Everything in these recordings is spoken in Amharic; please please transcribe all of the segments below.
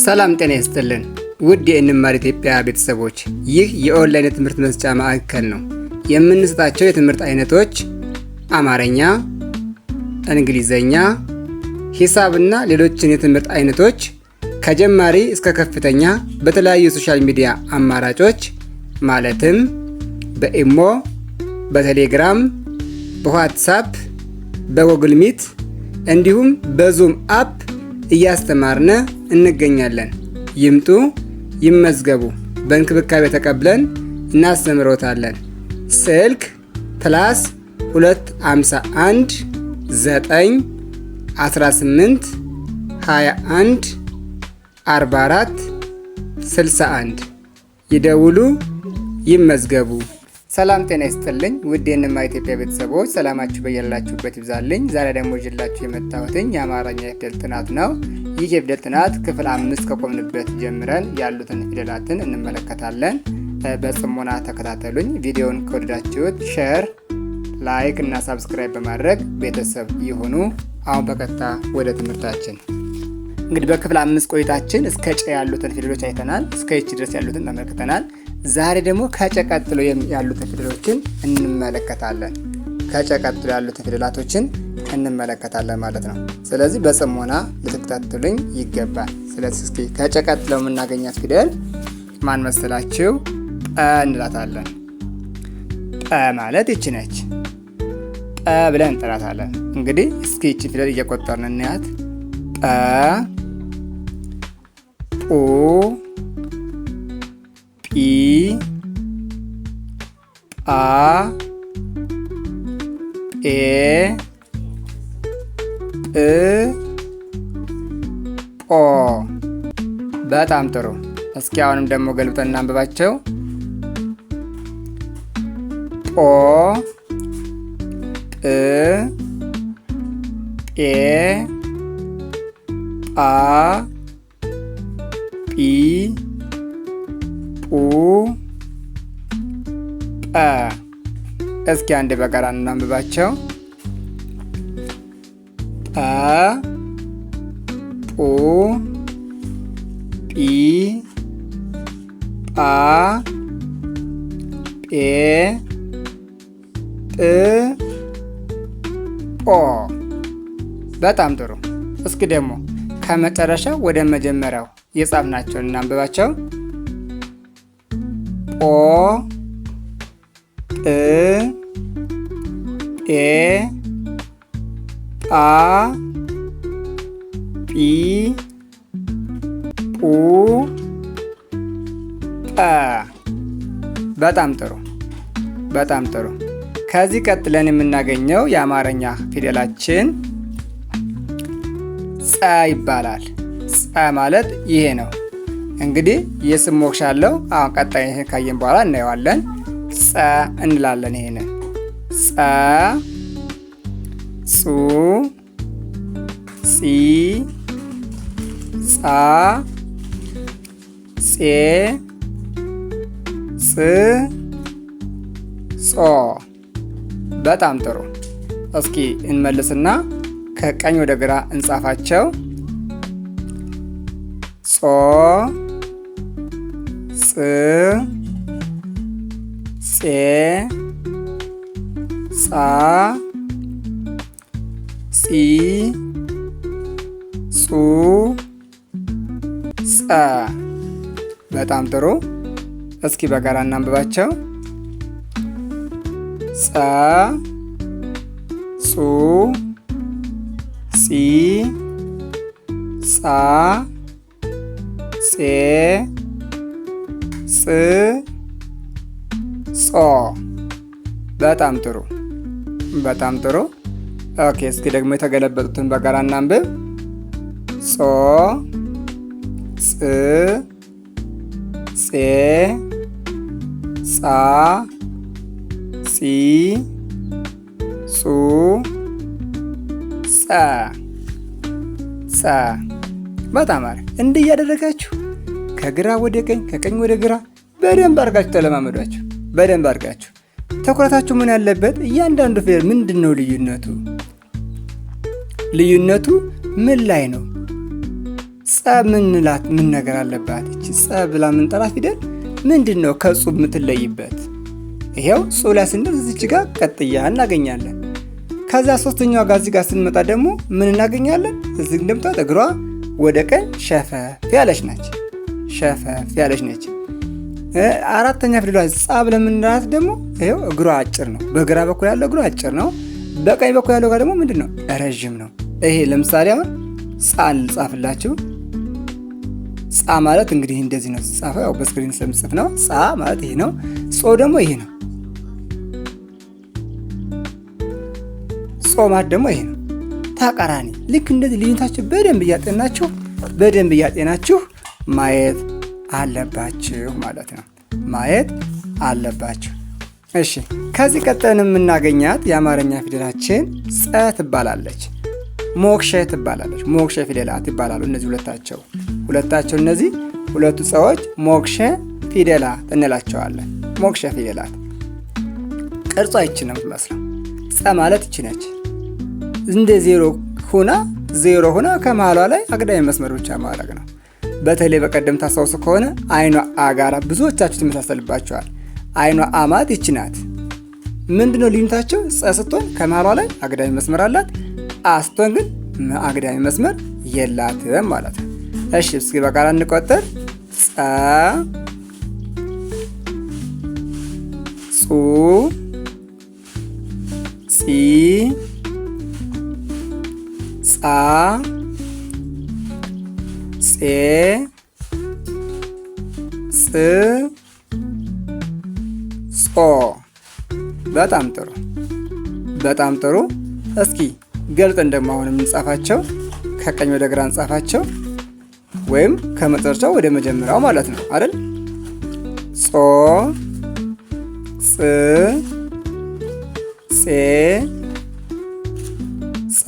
ሰላም ጤና ይስጥልን ውድ የእንማር ኢትዮጵያ ቤተሰቦች፣ ይህ የኦንላይን የትምህርት መስጫ ማዕከል ነው። የምንሰጣቸው የትምህርት አይነቶች አማርኛ፣ እንግሊዘኛ፣ ሂሳብና ሌሎችን የትምህርት አይነቶች ከጀማሪ እስከ ከፍተኛ በተለያዩ የሶሻል ሚዲያ አማራጮች ማለትም በኢሞ፣ በቴሌግራም፣ በዋትሳፕ፣ በጎግል ሚት እንዲሁም በዙም አፕ እያስተማርነ እንገኛለን። ይምጡ፣ ይመዝገቡ። በእንክብካቤ ተቀብለን እናስተምሮታለን። ስልክ ፕላስ 251 9 18 21 44 61 ይደውሉ፣ ይመዝገቡ። ሰላም ጤና ይስጥልኝ ውድ የንማ ኢትዮጵያ ቤተሰቦች ሰላማችሁ በያላችሁበት ይብዛልኝ። ዛሬ ደግሞ ይዤላችሁ የመጣሁትኝ የአማርኛ የፊደል ጥናት ነው። ይህ የፊደል ጥናት ክፍል አምስት ከቆምንበት ጀምረን ያሉትን ፊደላትን እንመለከታለን። በጽሞና ተከታተሉኝ። ቪዲዮውን ከወደዳችሁት ሼር፣ ላይክ እና ሳብስክራይብ በማድረግ ቤተሰብ ይሁኑ። አሁን በቀጥታ ወደ ትምህርታችን እንግዲህ በክፍል አምስት ቆይታችን እስከ ጨ ያሉትን ፊደሎች አይተናል። እስከ ይቺ ድረስ ያሉትን ተመልክተናል። ዛሬ ደግሞ ከጨቀጥሎ ቀጥሎ ያሉትን ፊደሎችን እንመለከታለን። ከጨቀጥሎ ያሉትን ፊደላቶችን እንመለከታለን ማለት ነው። ስለዚህ በጽሞና ልትከታተሉኝ ይገባል። ስለዚህ እስኪ ከጨቀጥሎ የምናገኛት ፊደል ማን መሰላችሁ? ጠ እንላታለን። ጠ ማለት ይች ነች። ጠ ብለን እንጠራታለን። እንግዲህ እስኪ ይቺ ፊደል እየቆጠርን እናያት? ጠ ጡ i a e e o በጣም ጥሩ። እስኪ አሁንም ደግሞ ገልብጠን እናንብባቸው። ጶ ጵ ጴ ጳ እስኪ አንድ በጋራ እናንብባቸው። ጠ ጡ ጲ ጳ ጴ ጵ ጶ። በጣም ጥሩ። እስኪ ደግሞ ከመጨረሻው ወደ መጀመሪያው የጻፍናቸውን እናንብባቸው። ጶ ጵ ጴ ጳ ጲ ጳ በጣም ጥሩ በጣም ጥሩ። ከዚህ ቀጥለን የምናገኘው የአማርኛ ፊደላችን ጸ ይባላል። ጸ ማለት ይሄ ነው። እንግዲህ የስም አለው። አሁን ቀጣይ ካየን በኋላ እናየዋለን። ጸ እንላለን ይሄንን ጸ ጹ ጺ ጻ ጼ ጽ ጾ በጣም ጥሩ። እስኪ እንመልስና ከቀኝ ወደ ግራ እንጻፋቸው። ጾ ጽ ጼ ጻ ጺ ጹ ጸ። በጣም ጥሩ። እስኪ በጋራ እናንብባቸው። ጸ ጹ ጺ ጻ ጼ ፅ ጾ። በጣም ጥሩ። በጣም ጥሩ። ኦኬ፣ እስኪ ደግሞ የተገለበጡትን በጋራ እናንብብ። ጾ ጽ ጼ ጻ ጺ ጹ ጸ ጸ። በጣም አሪፍ። እንዲህ እያደረጋችሁ ከግራ ወደ ቀኝ ከቀኝ ወደ ግራ በደንብ አድርጋችሁ ተለማመዷችሁ። በደንብ አድርጋችሁ ትኩረታችሁ ምን ያለበት እያንዳንዱ ፊደል ምንድን ነው ልዩነቱ? ልዩነቱ ምን ላይ ነው? ጸብ ምንላት ምን ነገር አለባት? እቺ ጸብ ብላ ምንጠራት ፊደል ምንድን ነው ከጹ የምትለይበት? ይሄው ጹ ላይ ስንደርስ እዚች ጋር ቀጥያ እናገኛለን። ከዛ ሶስተኛዋ ጋር እዚህ ጋር ስንመጣ ደግሞ ምን እናገኛለን? እዚህ እንደምታዩት እግሯ ወደ ቀኝ ሸፈፍ ያለች ነች። ሸፈፍ ያለች ነች። አራተኛ ፊደሏ ጻ ብለን የምንላት ደግሞ ይኸው እግሯ አጭር ነው። በግራ በኩል ያለው እግሯ አጭር ነው። በቀኝ በኩል ያለው ጋር ደግሞ ምንድን ነው? ረዥም ነው። ይሄ ለምሳሌ አሁን ጻ ልጻፍላችሁ። ጻ ማለት እንግዲህ እንደዚህ ነው ሲጻፈው፣ ያው በስክሪን ስለምጽፍ ነው። ጻ ማለት ይሄ ነው። ጾ ደግሞ ይሄ ነው። ጾ ማለት ደግሞ ይሄ ነው። ተቃራኒ ልክ እንደዚህ ልዩነታችሁ በደንብ እያጤናችሁ በደንብ እያጤናችሁ ማየት አለባችሁ ማለት ነው። ማየት አለባችሁ። እሺ ከዚህ ቀጠን የምናገኛት የአማርኛ ፊደላችን ጸ ትባላለች። ሞክሸ ትባላለች። ሞክሸ ፊደላት ይባላሉ እነዚህ ሁለታቸው ሁለታቸው እነዚህ ሁለቱ ጸዎች ሞክሸ ፊደላት እንላቸዋለን። ሞክሸ ፊደላት ቅርጿ ይቺ ነው የምትመስለው። ጸ ማለት ይቺ ነች። እንደ ዜሮ ሁና ዜሮ ሁና ከመሃሏ ላይ አግዳሚ መስመር ብቻ ማድረግ ነው። በተለይ በቀደም ታስታውሱ ከሆነ አይኗ አጋራ ብዙዎቻችሁ ትመሳሰልባቸዋል። አይኗ አማት ይች ይቺ ናት። ምንድነው ልዩነታቸው? ጸ ስትሆን ከመሃሏ ላይ አግዳሚ መስመር አላት። አ ስትሆን ግን አግዳሚ መስመር የላትም ማለት ነው። እሺ እስኪ በጋራ እንቆጠር። ጸ ጹ ጺ ጻ ጤ ጽ ጾ በጣም ጥሩ በጣም ጥሩ። እስኪ ገልጠን ደግሞ አሁን የምንጻፋቸው ከቀኝ ወደ ግራ እንጻፋቸው ወይም ከመጨረሻው ወደ መጀመሪያው ማለት ነው አይደል? ጾ ጽ ጼ ጻ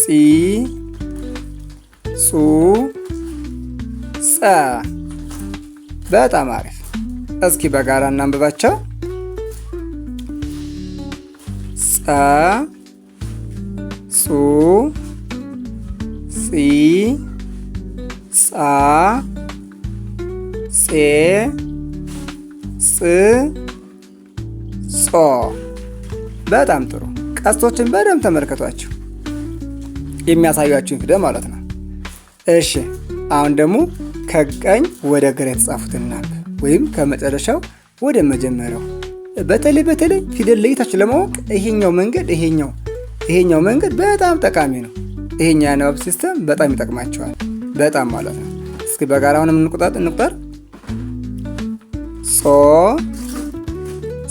ጺ ጹ ጸ በጣም አሪፍ። እስኪ በጋራ እናንብባቸው። ጸ ጹ ጺ ጻ ጼ ፅ ጾ በጣም ጥሩ። ቀስቶችን በደንብ ተመልከቷቸው፣ የሚያሳያችሁን ፊደል ማለት ነው። እሺ አሁን ደግሞ ከቀኝ ወደ ግራ የተጻፉትን እናንብ ወይም ከመጨረሻው ወደ መጀመሪያው በተለይ በተለይ ፊደል ለይታችሁ ለማወቅ ይሄኛው መንገድ ይሄኛው ይሄኛው መንገድ በጣም ጠቃሚ ነው። ይሄኛው የንባብ ሲስተም በጣም ይጠቅማቸዋል። በጣም ማለት ነው። እስኪ በጋራ አሁንም እንቁጣጥ እንቁጠር ጾ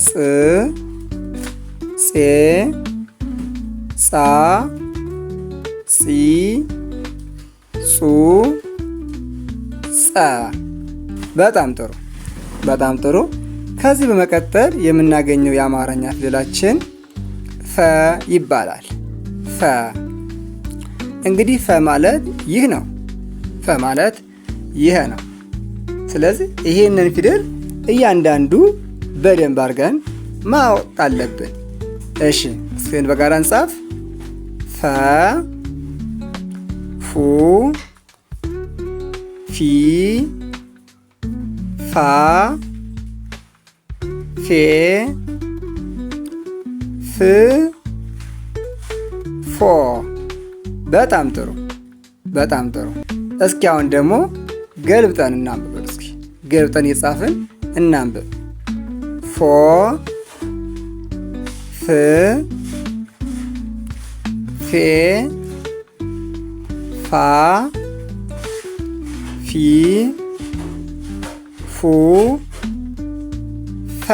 ጽ ጼ ጻ ጺ ጹ ጸ በጣም ጥሩ በጣም ጥሩ። ከዚህ በመቀጠል የምናገኘው የአማርኛ ፊደላችን ፈ ይባላል። ፈ እንግዲህ ፈ ማለት ይህ ነው። ፈ ማለት ይህ ነው። ስለዚህ ይሄንን ፊደል እያንዳንዱ በደንብ አድርገን ማወቅ አለብን። እሺ፣ እስክን በጋራ እንጻፍ ፈ ፉ ፊ ፋ ፌ ፍ ፎ። በጣም ጥሩ በጣም ጥሩ። እስኪ አሁን ደግሞ ገልብጠን እናንብብ። እስኪ ገልብጠን የጻፍን እናንብብ። ፎ ፍ ፌ ፋ ፊ ፉ ፈ።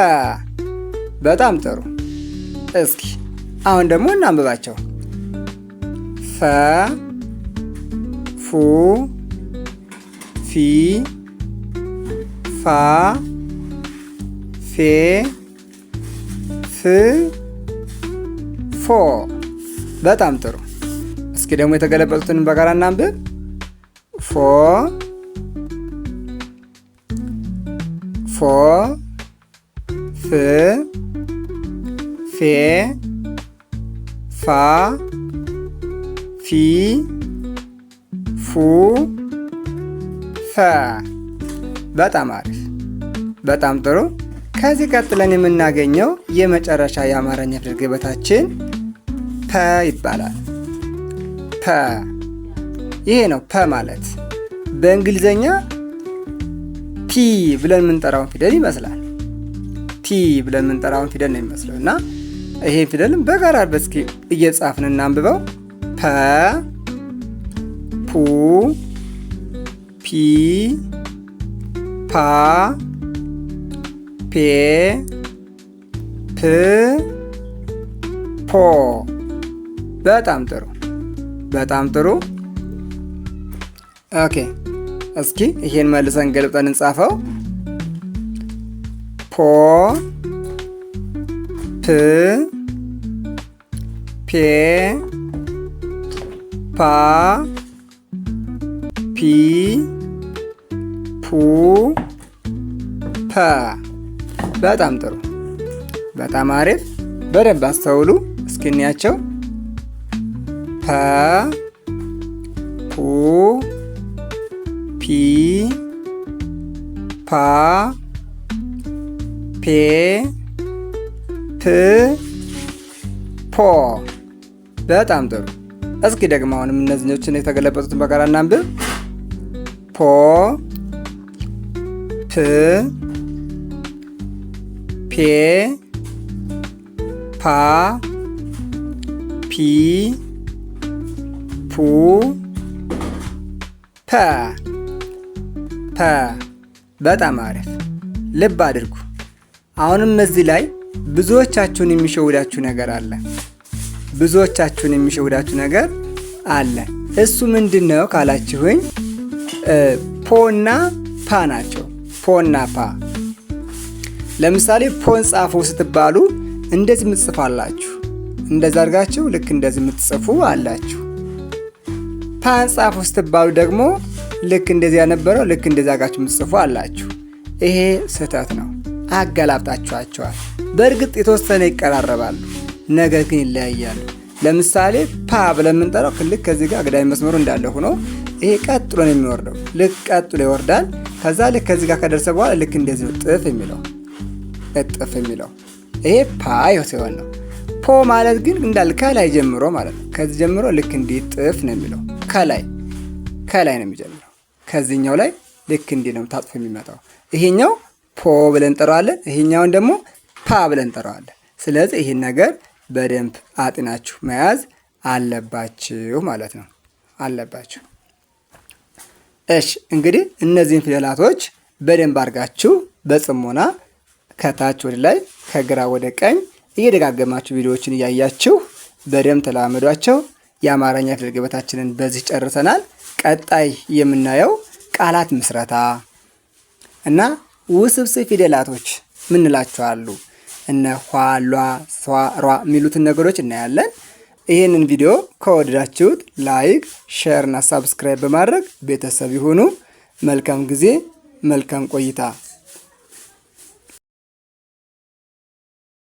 በጣም ጥሩ። እስኪ አሁን ደግሞ እናንብባቸው። ፈ ፉ ፊ ፋ ፌ ፍ ፎ። በጣም ጥሩ። እስኪ ደግሞ የተገለበጡትን በጋራ እናንብብ። ፎ ፎ ፍ ፌ ፋ ፊ ፉ ፈ። በጣም አሪፍ፣ በጣም ጥሩ። ከዚህ ቀጥለን የምናገኘው የመጨረሻ የአማርኛ ፊደል ገበታችን ፐ ይባላል። ፐ ይሄ ነው ፐ ማለት በእንግሊዘኛ ቲ ብለን የምንጠራውን ፊደል ይመስላል። ቲ ብለን የምንጠራውን ፊደል ነው የሚመስለው እና ይሄን ፊደልም በጋራ በስኪ እየጻፍን እናንብበው። ፐ ፑ ፒ ፓ ፔ ፕ ፖ። በጣም ጥሩ። በጣም ጥሩ። ኦኬ፣ እስኪ ይሄን መልሰን ገልብጠን እንጻፈው። ፖ ፕ ፔ ፓ ፒ ፑ ፐ። በጣም ጥሩ፣ በጣም አሪፍ። በደንብ አስተውሉ፣ እስኪ እንያቸው። ፐ ፑ ፒ ፓ ፔ ፕ ፖ። በጣም ጥሩ። እስኪ ደግሞ አሁንም እነዚህኞችን የተገለበጡትን በጋራ እናንብብ። ፖ ፕ ፔ ፓ ፒ ፐ ፐ በጣም አሪፍ። ልብ አድርጉ። አሁንም እዚህ ላይ ብዙዎቻችሁን የሚሸውዳችሁ ነገር አለ። ብዙዎቻችሁን የሚሸውዳችሁ ነገር አለ። እሱ ምንድን ነው ካላችሁኝ፣ ፖ እና ፓ ናቸው። ፖ እና ፓ። ለምሳሌ ፖን ጻፉ ስትባሉ እንደዚህ ምትጽፋላችሁ። እንደዛ አድርጋችሁ ልክ እንደዚህ ምትጽፉ አላችሁ። ታንጻፉ ስትባሉ ደግሞ ልክ እንደዚያ ነበረው ልክ እንደዚያ ጋችሁ ምትጽፉ አላችሁ። ይሄ ስህተት ነው። አገላብጣችኋቸዋል። በእርግጥ የተወሰነ ይቀራረባሉ፣ ነገር ግን ይለያያሉ። ለምሳሌ ፓ ብለን የምንጠራው ልክ ከዚህ ጋር አግዳሚ መስመሩ እንዳለ ሆኖ ይሄ ቀጥሎ ነው የሚወርደው። ልክ ቀጥሎ ይወርዳል። ከዛ ልክ ከዚህ ጋር ከደረሰ በኋላ ልክ እንደዚህ ጥፍ የሚለው እጥፍ የሚለው ይሄ ፓ ሲሆን ነው። ፖ ማለት ግን እንዳልካ ላይ ጀምሮ ማለት ነው። ከዚህ ጀምሮ ልክ እንዲህ ጥፍ ነው የሚለው ከላይ ከላይ ነው የሚጀምረው። ከዚህኛው ላይ ልክ እንዲህ ነው ታጥፎ የሚመጣው። ይሄኛው ፖ ብለን እንጠራዋለን፣ ይሄኛውን ደግሞ ፓ ብለን እንጠራዋለን። ስለዚህ ይህን ነገር በደንብ አጥናችሁ መያዝ አለባችሁ ማለት ነው አለባችሁ። እሺ እንግዲህ እነዚህን ፊደላቶች በደንብ አድርጋችሁ በጽሞና ከታች ወደ ላይ ከግራ ወደ ቀኝ እየደጋገማችሁ ቪዲዮዎችን እያያችሁ በደንብ ተለማመዷቸው። የአማርኛ ፊደል ገበታችንን በዚህ ጨርሰናል። ቀጣይ የምናየው ቃላት ምስረታ እና ውስብስብ ፊደላቶች ምንላቸው አሉ። እነ ኋ፣ ሏ፣ ሷ፣ ሯ የሚሉትን ነገሮች እናያለን። ይህንን ቪዲዮ ከወደዳችሁት ላይክ፣ ሼር እና ሳብስክራይብ በማድረግ ቤተሰብ ይሁኑ። መልካም ጊዜ፣ መልካም ቆይታ